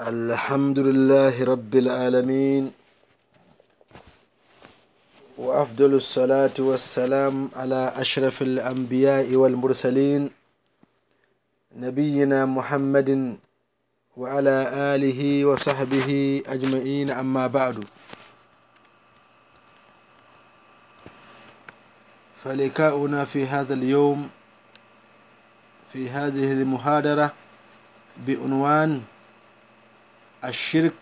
الحمد لله رب العالمين وأفضل الصلاة والسلام على أشرف الأنبياء والمرسلين نبينا محمد وعلى آله وصحبه أجمعين أما بعد فلقاؤنا في هذا اليوم في هذه المحاضرة بعنوان الشرك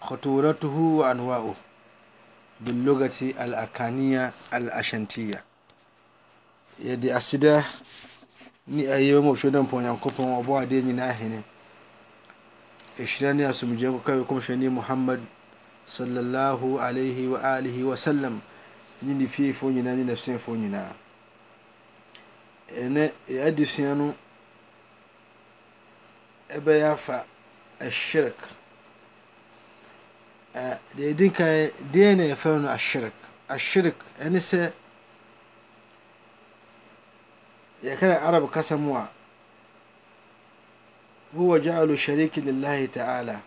خطورته وأنواعه باللغة الأكانية الأشنتية yɛde aseda ne ayɛ ma ɔhwɛ dɛ mpɔ nyankopɔn a adeɛ nyinaa hene ɛhyira ne asomdwoe nkɔka wɛkɔmhwɛne muhammad sallallahu alaihi wa alihi wa sallam ne ne fiefoɔ nyinaa ne nasuafoɔ nyinaa ɛnɛ yɛadesua no ɛbɛyɛ afa ashirik deɛ yɛdi nkae deɛ na yɛfrɛ no ashirik ashirik ɛne sɛ yɛka ne arab kasa mu a huwa shariki lillahi taala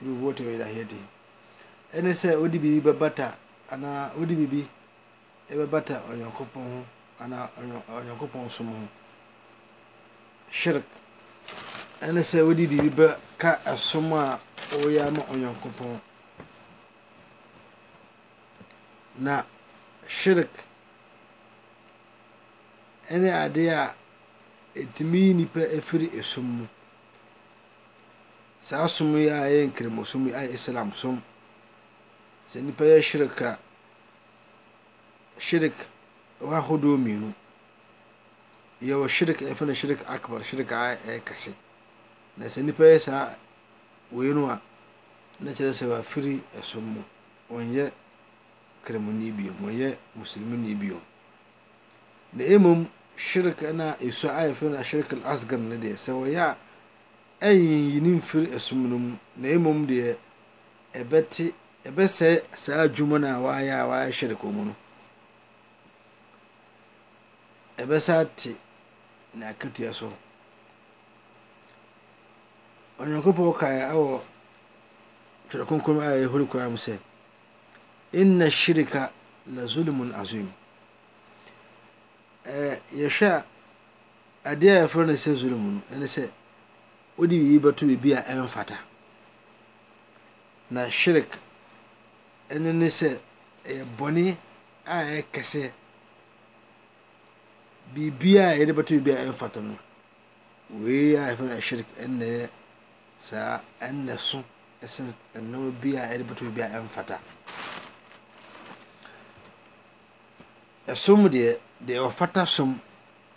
rubuwata wa ilahiyati ɛne sɛ wode biribi bɛbata anaa wode biribi ɛbɛbata ɔnyankopɔn ho anaa ɔnyankopɔn som ho shirik ɛne sɛ wode biribi bɛ so aɔɛma yankɔna sherek ne adeɛ a tumi yi nnipa fri som mu saa som yiayɛnkremusomaɛ islam som sɛ nipa yɛherek a herek waahodoɔminu yɛwɔ herek feno sherik akbar sherek a ɛɛkɛse na sɛ nipa yɛ saa wei no a na kyerɛ sɛ wafiri ɛsom mu ɔnyɛ kremoni bio ɔnyɛ muslimini bio na mmom shirk na ɛsu a yɛfrɛ no shirk al-asgar no deɛ sɛ wɔyɛ a ɛyinyini mfiri ɛsom no mu na mmom deɛ ɛbɛte ɛbɛsɛe saa adwuma no a wɔayɛ a wɔayɛ shirk mu no ɛbɛsa ti na akatua so onyankopɔn kae ɛwɔ twerɛ a yɛhore koraa mu sɛ inna shirika la zulmun azim yɛhwɛ a adeɛ a yɛfrɛ no sɛ zulm no ɛne sɛ wode biribi bɛto biribi a ɛmfata na shirik ɛno ne sɛ ɛyɛ bɔne a ɛyɛ kɛseɛ biribi a yɛde bɛto biribi a ɛmfata no wei a yɛfrɛ no shirik saaɛnɛ sotaa so eɛdeɛ ɔfata som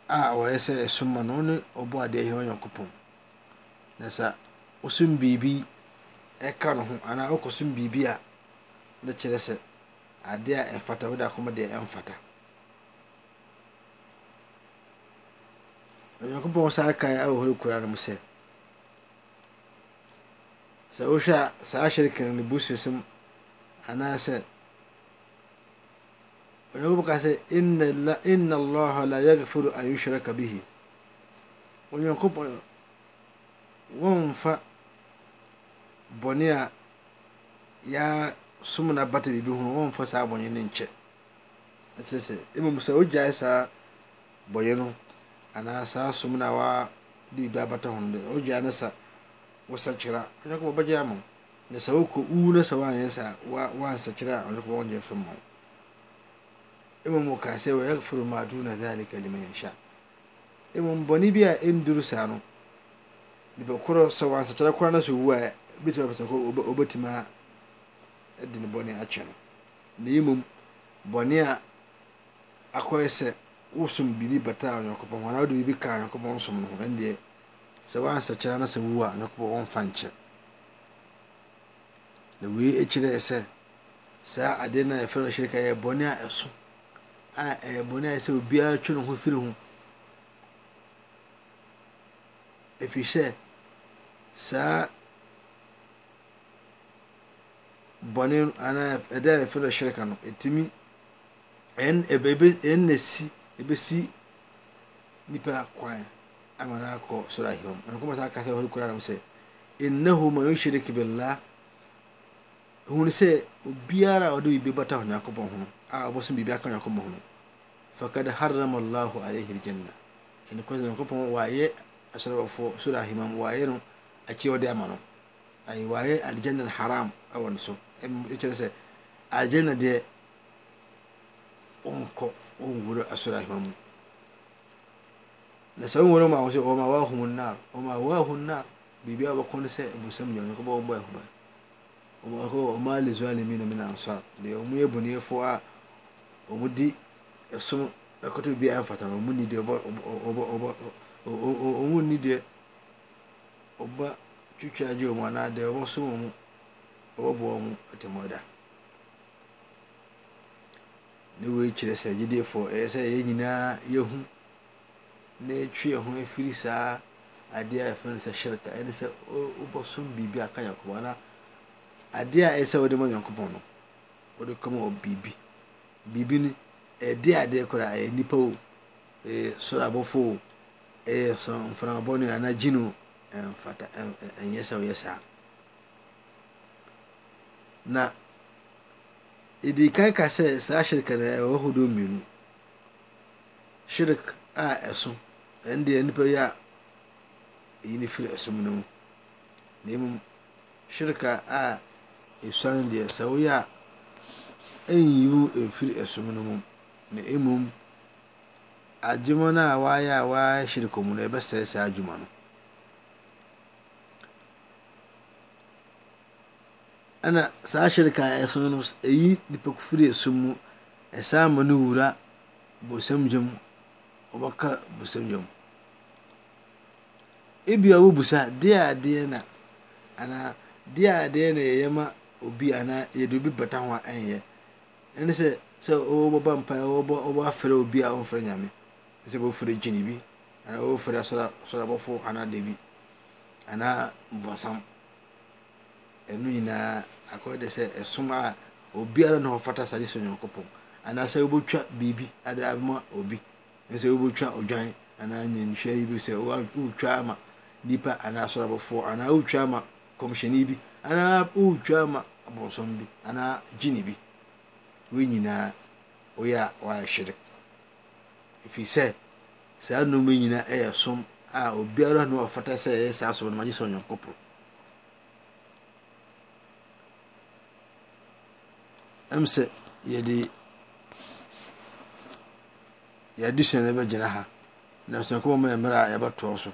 a wɔyɛ sɛ som ano wo ne ɔbɔɔ adeɛ era nyankopɔn nasa osom biribi ka no ho anaa wokɔsom biribi a ne kyerɛ sɛ adeɛ a ɛfata wdak deɛfata nyankopɔnsakaahɔrɛkorano sɛ wohwɛ a saa hyerikene no bu sesem anaasɛ onyankopɔn ka sɛ inna allaha la yagfiru an yushraka bihi onyankopɔn wɔmfa bɔne a yaa som na bata biribi ho wɔmfa saa bɔne no nkyɛ ɛkyerɛ sɛ mmom sɛ wogyae saa bɔyɛ no anaa saa som no waa de biribi abata ho no dɛ wogyae no sa wasachira onye kuma baje mu da sau ko u na sawa ne sa wa wa sachira onye kuma onye fin mu imam mu ka sai wa yaghfiru ma duna zalika liman yasha imam boni biya in durusa no ni ba kuro sawa sachira kwa na su wa bitima bitima ko obetima de ne bɔne akyɛ no na mmom bɔne a akɔyɛ sɛ wosom biribi bataa onyankopɔn ho anaa wode biribi kaa onyankopɔn som no ho ɛndeɛ sɛ woansakyera no sɛ wu a nyankopɔn wɔmfa nkyɛ na wei akyirɛ sɛ saa ade no a yɛfrɛ no hyirika yɛ bɔne a ɛso a ɛyɛ bɔne a ɛsɛ obiara twe ne ho firi ho ɛfiri sɛ saa bɔne anaa ɛda a yɛfrɛ no hyirika no ɛtumi ɛn ɛbɛsi ɛbɛsi nipa kwan amana kɔ sɔrɔ ahimam ɛn kɔmi taa kasa wɔli kura na sɛ innahu ma yushrik billah hun sɛ obiara a ɔde bi bata onyankopɔn ho a ɔbɔ so biribi aka onyankopɔn ho fakad harrama allahu alayhi aljanna ɛn kɔmi sɛ onyankopɔn waayɛ asɔrɔfoɔ sɔrɔ ahimam waayɛ no akyi ɔde ama no ayi waayɛ aljanna haram ɛwɔ ne so ɛkyerɛ sɛ aljanna deɛ ɔnkɔ ɔnwuro asɔrɔ ahimam mu na sɛ wɔn mu a wɔsɛ wɔn a wɔahom nnaar wɔn a wɔahom nnaar biribi a wɔkɔ no sɛ abusam nyɛ wɔn kɔbɔ wɔn bɔ ɛhoma wɔn akɔ wɔn a lezu alimi na mi na nso a deɛ wɔn yɛ buniefoɔ a wɔn di ɛsom ɛkoto bi a mfata na wɔn ni deɛ ɔbɔ ɔbɔ ɔbɔ wɔn ni deɛ ɔba twitwa agye wɔn anaa deɛ ɔbɔ so wɔn ɔbɔ bɔ wɔn atemɔda ne wei kyerɛ sɛ gyedeefoɔ ɛyɛ sɛ yɛn nyinaa yɛhu na ɛtwe ɛho afiri saa adeɛ a yɛfrɛ no sɛ hyereka ɛne sɛ wobɔsom biribi aka nyankopɔn ana adeɛ a ɛsɛ wode ma nyankopɔn no wode kɔma wɔ biribi biribi no ɛde adeɛ koraa ɛyɛ nnipa o ɛyɛ soro abɔfo o ɛyɛ mframabɔ no anaa gyi no ɛmfata ɛnyɛ sɛ woyɛ saa na ɛdi kan ka sɛ saa hyereka no ɛwɔ hodoɔ mmienu shirk a ɛso ɛnde nipa yi a ɛyi ne firi asom no mu na mmom shirika a ɛsuane deɛ sɛ woyɛ a ɛnyi mu ɛfiri ɛsom no mu na mmom adwuma no a wayɛ a wayɛ shirika mu no ɛbɛsɛe saa adwuma no ɛna saa shirika a ɛso no ɛyi nipa firi asom mu Ɛsa ma no wura bosam gyam ɔbɛka bosam gyam ebi a wobusa deɛ adeɛ na anaa deɛ adeɛ na yɛyɛ ma obi anaa yɛde obi bata ho a ɛnyɛ ɛne sɛ sɛ wɔbɛba mpa wɔbɔ wɔbɔ afrɛ obi a wɔmfrɛ nyame sɛ wɔfrɛ gyini bi anaa wɔfrɛ asɔra asɔrabɔfo anaa debi anaa bɔnsam ɛno nyinaa akɔyɛ de sɛ ɛsom a obiara na ɔfata sade sɛ onyankopɔn anaasɛ wobɛtwa biribi ade ama obi ɛsɛ wobɛtwa odwan anaa nyanhwɛ yi bi sɛ wotwa ama nipa anaa asɔrɔbɔfoɔ anaa wotwa ama kɔmhyɛni bi anaa wotwa ama abɔnsɔn bi anaa gyini bi wɔn nyinaa wɔyɛ a wɔayɛ hyirik ɛfiri sɛ saa nneɛma nyinaa ɛyɛ som a obiara na ɔfata sɛ ɛyɛ saa som no magye sɛ ɔnyankopɔn ɛm sɛ yɛde yɛadesua no bɛgyina ha na ɔsɛnkɔmɔ ma yɛ mmerɛ a yɛbɛtoɔ so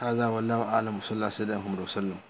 هذا والله أعلم وصلى الله عليه وسلم